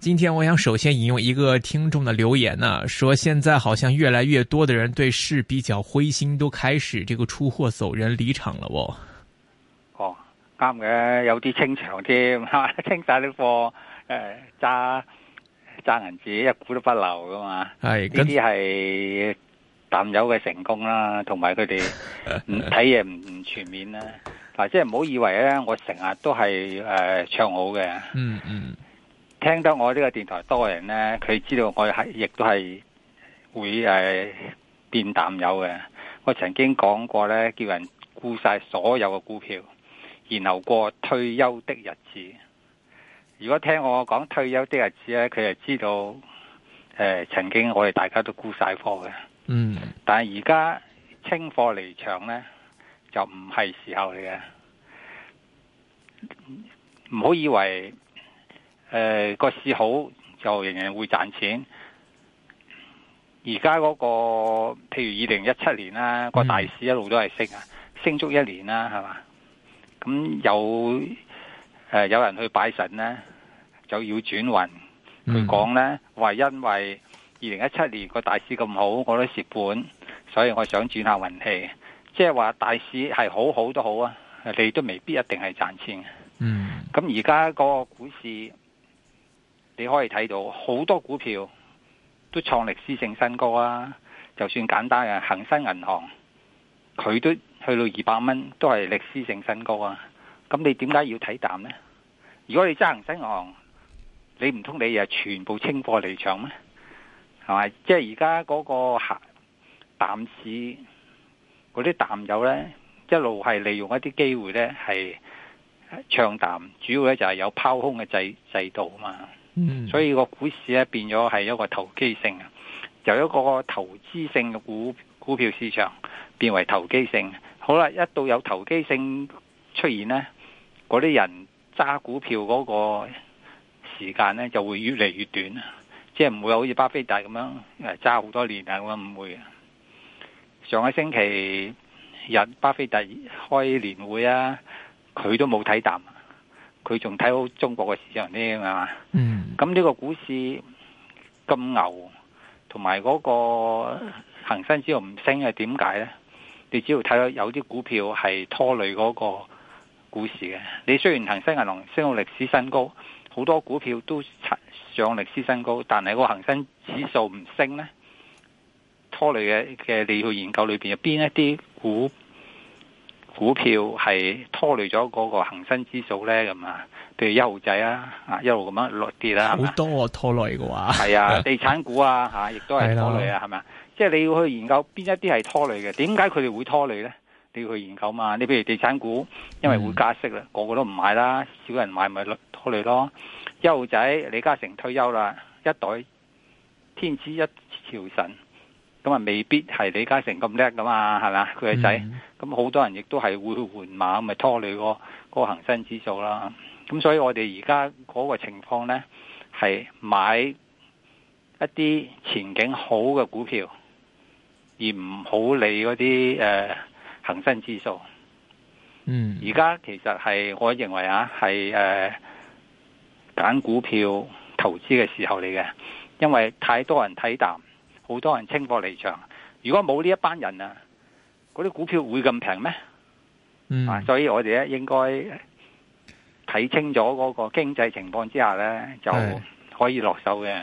今天我想首先引用一個聽眾的留言呢、啊，說現在好像越來越多的人對市比較灰心，都開始這個出貨走人離場了哦。哦，啱嘅，有啲清場添，清晒啲貨，誒、呃，揸揸銀紙，一股都不留㗎嘛。係呢啲係淡友嘅成功啦，同埋佢哋睇嘢唔唔全面啦。嗱、啊，即係唔好以為咧，我成日都係誒唱好嘅。嗯嗯。聽到我呢個電台多人呢，佢知道我係亦都係會誒變淡友嘅。我曾經講過呢，叫人沽晒所有嘅股票，然後過退休的日子。如果聽我講退休的日子呢，佢就知道誒、呃，曾經我哋大家都沽晒貨嘅。嗯，但係而家清貨離場呢，就唔係時候嚟嘅。唔好以為。誒、呃，個市好就仍然會賺錢。而家嗰個譬如二零一七年啦，個大市一路都係升啊、嗯，升足一年啦，係嘛？咁有誒、呃、有人去拜神咧，就要轉運。佢講咧，話、嗯、因為二零一七年個大市咁好，我都蝕本，所以我想轉下運氣。即係話大市係好好都好啊，你都未必一定係賺錢。嗯，咁而家個股市。你可以睇到好多股票都創歷史性新高啊！就算簡單嘅恒生銀行，佢都去到二百蚊，都係歷史性新高啊！咁你點解要睇淡呢？如果你揸恒生銀行，你唔通你又全部清貨離場咩？係咪？即係而家嗰個淡市嗰啲淡友呢，一路係利用一啲機會呢，係唱淡，主要呢就係有拋空嘅制制度啊嘛。所以個股市咧，變咗係一個投機性，由一個投資性嘅股股票市場變為投機性。好啦，一到有投機性出現咧，嗰啲人揸股票嗰個時間咧，就會越嚟越短，即係唔會好似巴菲特咁樣誒揸好多年啊，咁唔會。上個星期日巴菲特開年會啊，佢都冇睇淡，佢仲睇好中國嘅市場添啊！嗯。咁呢個股市咁牛，同埋嗰個恒生指數唔升係點解呢？你只要睇到有啲股票係拖累嗰個股市嘅。你雖然恒生銀行升到歷史新高，好多股票都上歷史新高，但係個恒生指數唔升呢？拖累嘅嘅，你去研究裏邊有邊一啲股股票係拖累咗嗰個恒生指數呢？咁啊？譬如一號仔啊，啊一路咁樣落跌啦，好多我拖累嘅話，係啊，地產股啊，嚇亦都係拖累啊，係咪？即 係你要去研究邊一啲係拖累嘅？點解佢哋會拖累咧？你要去研究嘛？你譬如地產股，因為會加息啦，個個都唔買啦，少人買咪拖累咯。一號、嗯、仔李嘉誠退休啦，一代天子一朝臣，咁啊未必係李嘉誠咁叻噶嘛，係咪啊？佢係仔咁好、嗯、多人亦都係會換馬，咪拖累、那個個恒生指數啦。咁所以，我哋而家嗰個情況咧，係買一啲前景好嘅股票，而唔好理嗰啲誒恒生指數。嗯，而家其實係我認為啊，係誒揀股票投資嘅時候嚟嘅，因為太多人睇淡，好多人清貨離場。如果冇呢一班人啊，嗰啲股票會咁平咩？嗯，所以我哋咧應該。睇清咗嗰個經濟情況之下咧，就可以落手嘅。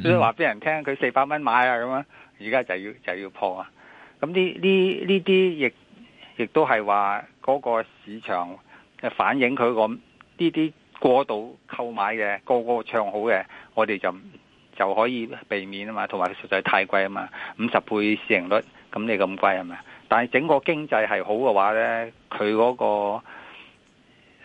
所以話俾人聽佢四百蚊買啊咁啊，而家就要就要破啊！咁呢呢呢啲亦亦都係話嗰個市場反映，佢個呢啲過度購買嘅，個個唱好嘅，我哋就就可以避免啊嘛，同埋實在太貴啊嘛，五十倍市盈率，咁你咁貴係咪？但係整個經濟係好嘅話呢，佢嗰、嗰個誒、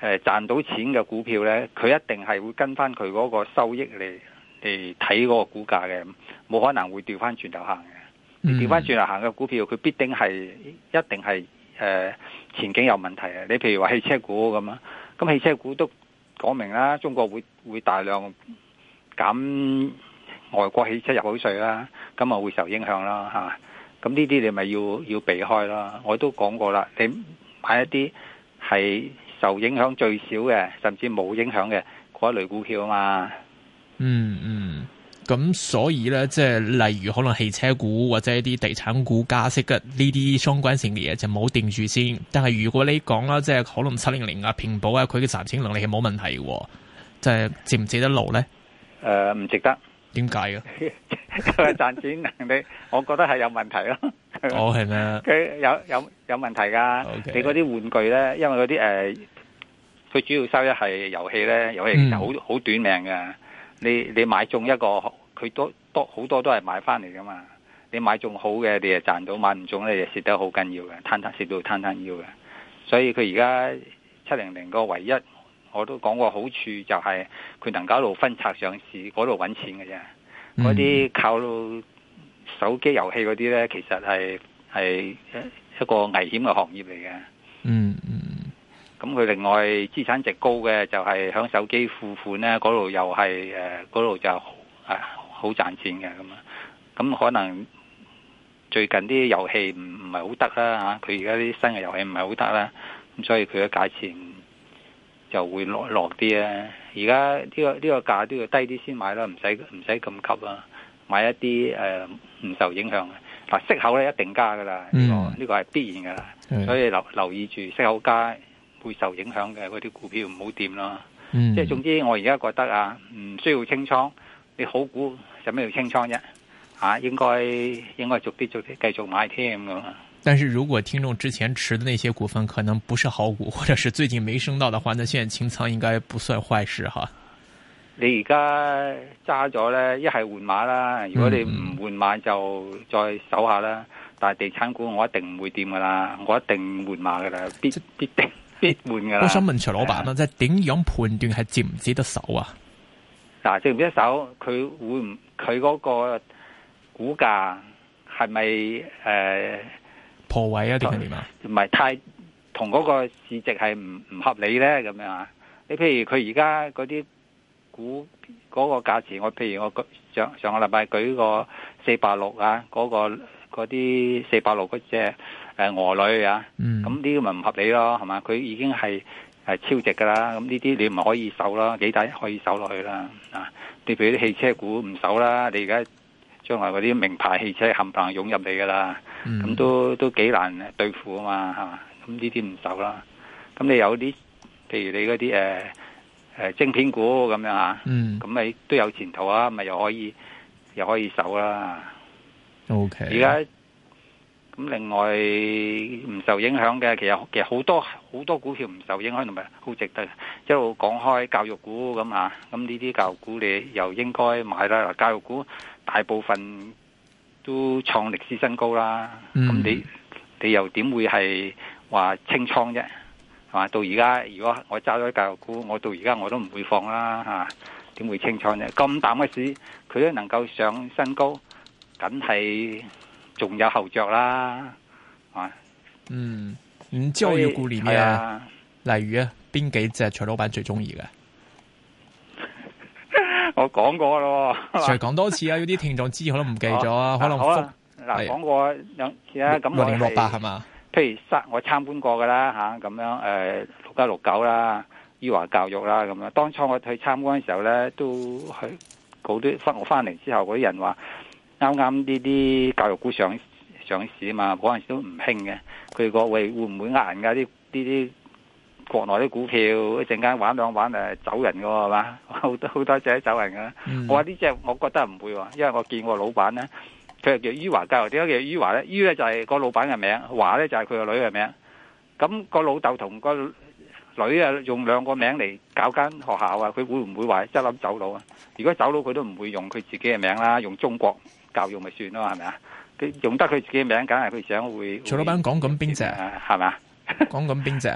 呃、賺到錢嘅股票呢，佢一定係會跟翻佢嗰個收益。嚟你睇嗰個股價嘅，冇可能會掉翻轉頭行嘅。掉翻轉頭行嘅股票，佢必定係一定係誒、呃、前景有問題嘅。你譬如話汽車股咁啊，咁汽車股都講明啦，中國會會大量減外國汽車入口稅啦，咁啊會受影響啦，係嘛？咁呢啲你咪要要避開啦。我都講過啦，你買一啲係受影響最少嘅，甚至冇影響嘅嗰一類股票啊嘛。嗯嗯，咁、嗯、所以咧，即係例如可能汽車股或者一啲地產股加息嘅呢啲相關性嘅嘢就冇定住先。但係如果你講啦，即係可能七零零啊、平保啊，佢嘅、就是呃、 賺錢能力係冇問題喎，即係值唔值得撈咧？誒，唔值得。點解嘅？佢賺錢能力，我覺得係有問題咯。哦係咩？佢有有有問題噶？Okay. 你嗰啲玩具咧，因為嗰啲誒，佢、呃、主要收入係遊戲咧，遊戲好好、嗯、短命嘅。你你買中一個，佢多多好多，多，多都係買翻嚟噶嘛。你買中好嘅，你就賺到；買唔中咧，蝕得好緊要嘅，攤攤蝕到攤攤要嘅。所以佢而家七零零個唯一，我都講過，好處就係、是、佢能夠一路分拆上市，嗰度搵錢嘅啫。嗰啲靠到手機遊戲嗰啲呢，其實係係一個危險嘅行業嚟嘅。嗯。咁佢另外資產值高嘅就係喺手機付款咧，嗰度又係誒嗰度就誒好賺錢嘅咁啊！咁可能最近啲遊戲唔唔係好得啦吓，佢而家啲新嘅遊戲唔係好得啦，咁所以佢嘅價錢就會落落啲啊！而家呢個呢個價都要低啲先買啦，唔使唔使咁急啊！買一啲誒唔受影響嘅嗱，息口咧一定加㗎喇，呢個呢個係必然㗎喇，所以留留意住息口加。會受影響嘅嗰啲股票唔好掂啦，即、嗯、係總之我而家覺得啊，唔需要清倉，你好股使咩要清倉啫？吓、啊，應該應該逐啲逐啲繼續買添咁。但是如果聽眾之前持嘅那些股份可能不是好股，或者是最近沒升到的話，那現在清倉應該不算壞事哈。你而家揸咗咧，一係換馬啦，如果你唔換馬就再搜下啦、嗯。但係地產股我一定唔會掂噶啦，我一定換馬噶啦，必必定。必換噶啦！我想問徐老闆啊，即係點樣判斷係接唔接得手啊？嗱，接唔接得手，佢會唔佢嗰個股價係咪誒破位啊？定係點啊？唔係太同嗰個市值係唔唔合理咧咁樣啊？你譬如佢而家嗰啲股嗰個價錢，我譬如我上上個禮拜舉個四百六啊，嗰個。嗰啲四百六嗰隻誒俄女啊，咁呢啲咪唔合理咯，係嘛？佢已經係係超值噶啦，咁呢啲你唔可以守啦，幾大可以守落去啦。啊，你譬如啲汽車股唔守啦，你而家將來嗰啲名牌汽車冚唪唥湧入嚟噶啦，咁、嗯、都都幾難對付啊嘛，係、啊、嘛？咁呢啲唔守啦。咁你有啲譬如你嗰啲誒誒晶片股咁樣啊，咁你都有前途啊，咪又可以又可以守啦。O K，而家咁另外唔受影響嘅，其實其實好多好多股票唔受影響同埋好值得。一路講開教育股咁啊，咁呢啲教育股你又應該買啦。教育股大部分都創歷史新高啦，咁你你又點會係話清倉啫？係嘛，到而家如果我揸咗教育股，我到而家我都唔會放啦吓，點會清倉呢？咁淡嘅市，佢都能夠上新高。梗係仲有後着啦，係、啊、嘛？嗯，唔知我要顧念咩，例如啊，邊幾隻徐老闆最中意嘅？ 我講過咯，再講多次啊， 有啲聽眾知，可能唔記咗啊，可能複嗱講過兩次啊，咁我係六八係嘛？譬如我參觀過噶啦吓，咁、啊、樣誒，六、呃、加六九啦，裕華教育啦，咁樣。當初我去參觀嘅時候咧，都係嗰啲翻我翻嚟之後，嗰啲人話。啱啱呢啲教育股上上市啊嘛，嗰陣時都唔興嘅。佢講喂，會唔會呃人㗎？啲呢啲國內啲股票一陣間玩兩玩誒走人嘅係嘛？好多好多隻走人嘅。我話呢隻我覺得唔會喎，因為我見過個老闆咧，佢係叫於華教育，點解叫於華咧？於咧就係個老闆嘅名，華咧就係佢個女嘅名。咁個老豆同個女啊用兩個名嚟搞間學校啊，佢會唔會話一諗走佬啊？如果走佬，佢都唔會用佢自己嘅名啦，用中國，教育咪算咯，係咪啊？用得佢自己名，梗係佢想會。徐老闆講緊邊隻？係咪啊？講緊邊隻？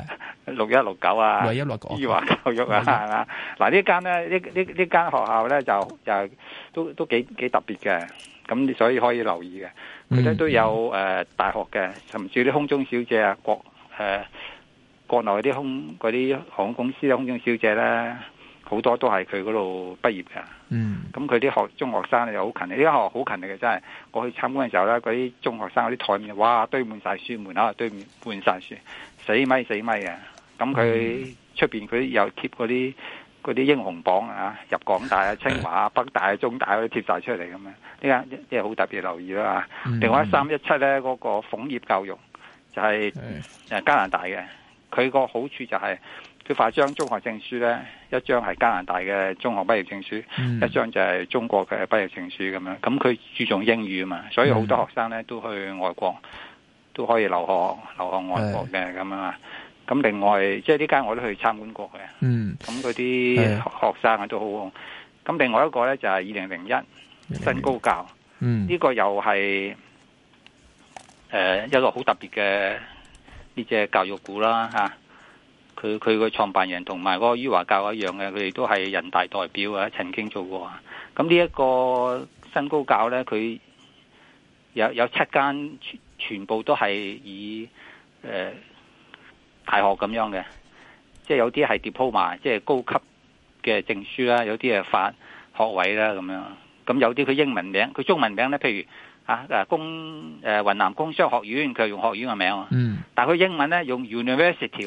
六一六九啊？六一六九。宇華教育啊，係咪？嗱呢間咧，呢呢呢間學校咧就就都都幾幾特別嘅，咁所以可以留意嘅。佢咧都有誒大學嘅，甚至啲空中小姐啊，國誒國內啲空嗰啲航空公司嘅空中小姐啦。好多都係佢嗰度畢業嘅，咁佢啲中學生又好勤力，呢個學校好勤力嘅真係。我去參觀嘅時候咧，嗰啲中學生嗰啲台面哇堆滿曬書門，啊，堆滿晒曬書，書，死咪死咪、啊。嘅。咁佢出面，佢又貼嗰啲嗰啲英雄榜啊，入港大啊、清華啊、北大啊、中大嗰啲貼晒出嚟咁樣。呢個即係好特別留意啦、嗯。另外一三一七咧嗰個楓葉教育就係、是、加拿大嘅，佢個好處就係、是。佢發張中學證書咧，一張係加拿大嘅中學畢業證書，一張就係中國嘅畢業證書咁樣。咁、嗯、佢注重英語啊嘛，所以好多學生咧都去外國，都可以留學留學外國嘅咁啊。咁另外即係呢間我都去參觀過嘅。嗯，咁啲學,學生啊都好。咁另外一個咧就係二零零一新高教。嗯，呢、呢個又係誒、呃、一個好特別嘅呢隻教育股啦吓佢佢個創辦人同埋嗰個于華教一樣嘅，佢哋都係人大代表啊，曾經做過啊。咁呢一個新高教呢，佢有有七間全全部都係以誒、呃、大學咁樣嘅，即係有啲係 Diploma 即係高級嘅證書啦，有啲係發學位啦咁樣。咁有啲佢英文名，佢中文名呢，譬如。啊，工，誒、呃、雲南工商學院，佢用學院嘅名、嗯，但佢英文咧用 university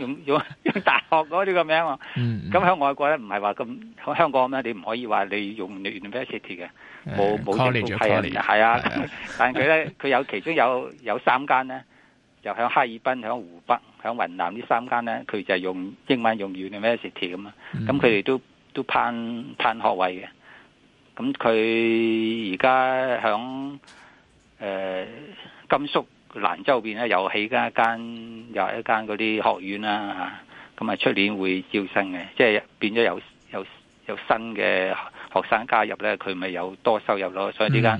用 用用大學嗰啲個名啊，咁、嗯、喺外國咧唔係話咁，喺香港咁你唔可以話你用 university 嘅，冇冇政府批啊，係啊，係啊 但佢咧佢有其中有有三間咧，就喺哈爾濱、喺湖北、喺雲南呢三呢三間咧，佢就係用英文用 university 咁啊，咁佢哋都都攀攀學位嘅。咁佢而家響誒甘肅蘭州邊咧，又起緊一間又一間嗰啲學院啦，咁啊出年會招生嘅，即係變咗有有有新嘅學生加入咧，佢咪有多收入咯，所以呢間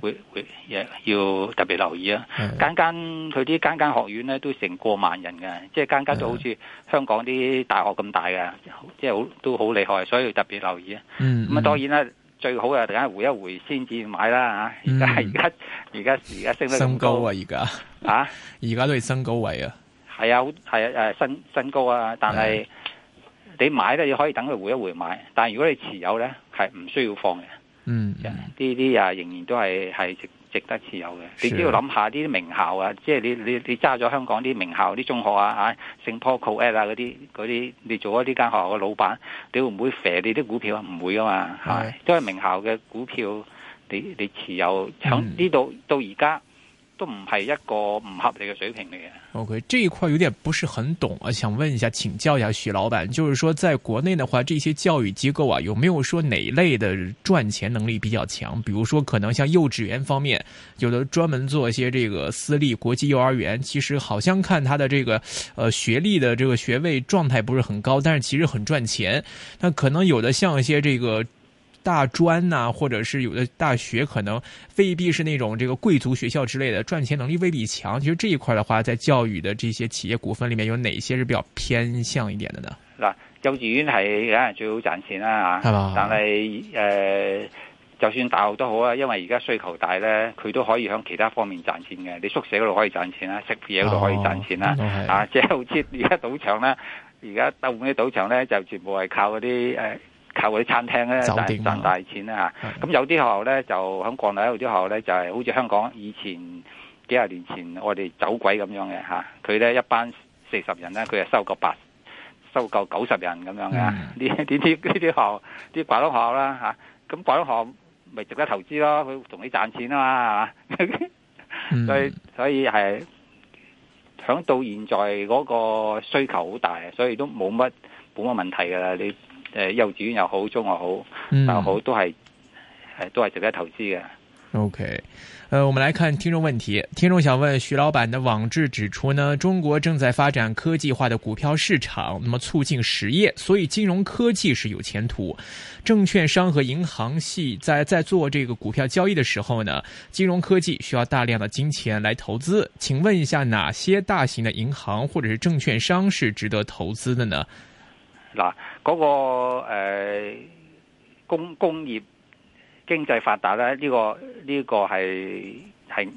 會、mm-hmm. 會，會要特別留意啊！間間佢啲間間學院咧都成過萬人嘅，即係間間都好似香港啲大學咁大嘅，即係好都好厲害，所以要特別留意啊！咁、嗯、啊、嗯，當然啦。最好啊，等家回一回先至買啦嚇！而家而家而家而家升得咁高，高啊！而家啊，而家都係新高位啊！係啊，係啊誒、啊、新新高啊！但係、啊、你買咧，你可以等佢回一回買。但係如果你持有咧，係唔需要放嘅。嗯，嗯，呢啲啊仍然都係係。值得持有嘅。你只要諗下啲名校啊，即係你你你揸咗香港啲名校啲中學啊嚇，聖保羅啊嗰啲嗰啲，你做咗呢間學校嘅老闆，你會唔會肥你啲股票啊？唔會噶嘛，係，因為名校嘅股票你你持有響呢度到而家。嗯都唔係一個唔合理嘅水平嚟嘅。OK，這一塊有點不是很懂啊，我想問一下，請教一下徐老闆，就是說在國內的話，這些教育機構啊，有沒有說哪一類的賺錢能力比較強？比如說可能像幼稚園方面，有的專門做一些這個私立國際幼兒園，其實好像看他的這個，呃，學歷的這個學位狀態不是很高，但是其實很賺錢。那可能有的像一些這個。大專呐、啊，或者是有的大學可能未必是那種這個貴族學校之類的，賺錢能力未必強。其實這一塊的話，在教育的這些企業股份裏面，有哪些是比較偏向一點的呢？嗱，幼稚園係梗係最好賺錢啦、啊，吓，但係誒、呃，就算大學都好啊，因為而家需求大咧，佢都可以向其他方面賺錢嘅。你宿舍嗰度可以賺錢啦、啊，食嘢嗰度可以賺錢啦、啊哦，啊，即係好似而家賭場咧，而家大部分啲賭場咧就全部係靠嗰啲誒，呃靠嗰啲餐廳咧賺、啊就是、賺大錢咧嚇，咁、啊啊嗯、有啲學校咧就喺國內有啲學校咧就係、是、好似香港以前幾廿年前我哋走鬼咁樣嘅嚇，佢、啊、咧一班四十人咧佢啊收夠八收夠九十人咁樣嘅，呢啲呢啲學校啲掛鈎學校啦嚇，咁掛鈎學校咪值得投資咯，佢同你賺錢嘛啊嘛、嗯， 所以所以係響到現在嗰個需求好大，所以都冇乜冇乜問題噶啦，你。幼稚園又好，中學好又好，嗯、都係，值得投資嘅。OK，呃、我們來看聽眾問題。聽眾想問徐老闆的網誌指出呢，中國正在發展科技化的股票市場，那麼促進實業，所以金融科技是有前途。證券商和銀行係在在做這個股票交易的時候呢，金融科技需要大量的金錢來投資。請問一下，哪些大型的銀行或者是證券商是值得投資的呢？嗱、那個，嗰、呃、個工工業經濟發達咧，呢、這個呢、這個係係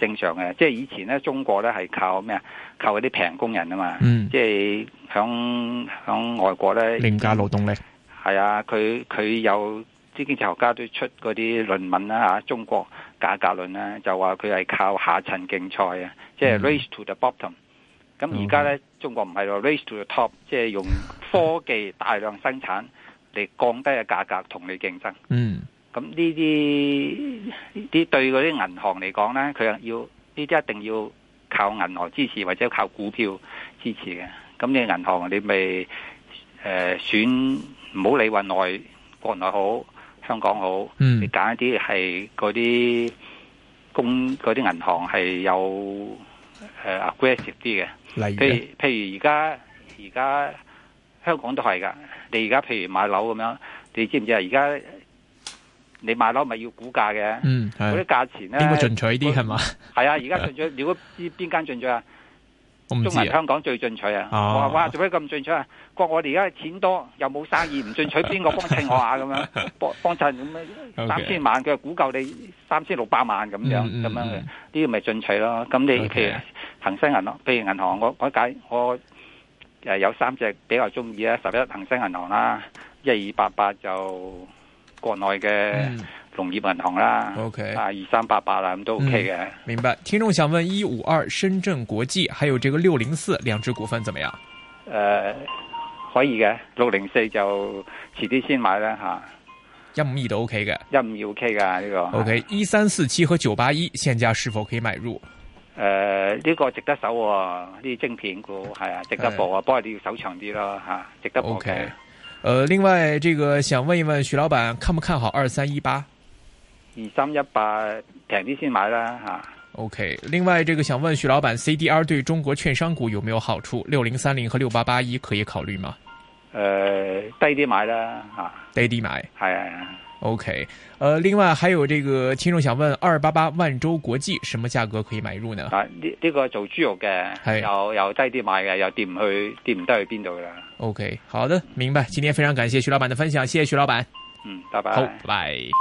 正常嘅。即係以前咧，中國咧係靠咩啊？靠嗰啲平工人啊嘛。嗯。即係響響外國咧，廉價勞動力。係啊，佢佢有啲經濟學家都出嗰啲論文啦、啊、中國價格論咧就話佢係靠下層競賽啊，即、嗯、係、就是、race to the bottom。咁而家咧，okay. 中國唔係 race to the top，即係用科技大量生產嚟降低嘅價格同你競爭。嗯、mm.。咁呢啲啲對嗰啲銀行嚟講咧，佢又要呢啲一定要靠銀行支持或者靠股票支持嘅。咁你銀行你咪誒、呃、選唔好理運內國內好香港好，你揀一啲係嗰啲公嗰啲銀行係有。誒 aggressive 啲嘅，例譬如，譬如而家而家香港都係噶。你而家譬如買樓咁樣，你知唔知啊？而家你買樓咪要估價嘅，嗰啲價錢咧，應該進取啲係嘛？係啊，而家進取，如果邊邊間進取啊？中銀香港最進取啊！哇哇，做咩咁進取啊？國我哋而家錢多又冇生意，唔進取邊個幫襯我下咁樣幫 幫襯咁樣三千萬，佢話估夠你三千六百萬咁樣咁樣，呢個咪進取咯。咁你、okay. 譬如恒生銀行，譬如銀行，我，我解我有三隻比較中意啊，十一恒生銀行啦，一二八八就國內嘅。嗯農業銀行啦，OK，啊二三八八啦咁都 OK 嘅，嗯。明白，聽眾想問一五二深圳國際，還有這個六零四兩隻股份怎麼樣？誒、呃，可以嘅，六零四就遲啲先買啦吓。一五二都 OK 嘅，一五二 OK 噶呢、這個。OK，一三四七和九八一現價是否可以買入？誒、呃、呢、這個值得守、哦，呢啲晶片股係啊，值得博啊、哦，不、哎、過你要守長啲咯吓、啊，值得博、okay.。OK，、呃、誒，另外這個想問一問徐老闆，看不看好二三一八？二三一八平啲先買啦吓、啊。OK，另外這個想問徐老闆，CDR 對中國券商股有沒有好處？六零三零和六八八一可以考慮嗎？呃，低啲買啦吓、啊，低啲買，係啊。OK，呃，另外還有這個聽眾想問，二八八萬洲國際什麼價格可以買入呢？啊，呢、這、呢個做豬肉嘅，又又低啲買嘅，又跌唔去跌唔得去邊度啦。OK，好的，明白。今天非常感謝徐老闆的分享，謝謝徐老闆。嗯，好，拜拜。好，bye bye。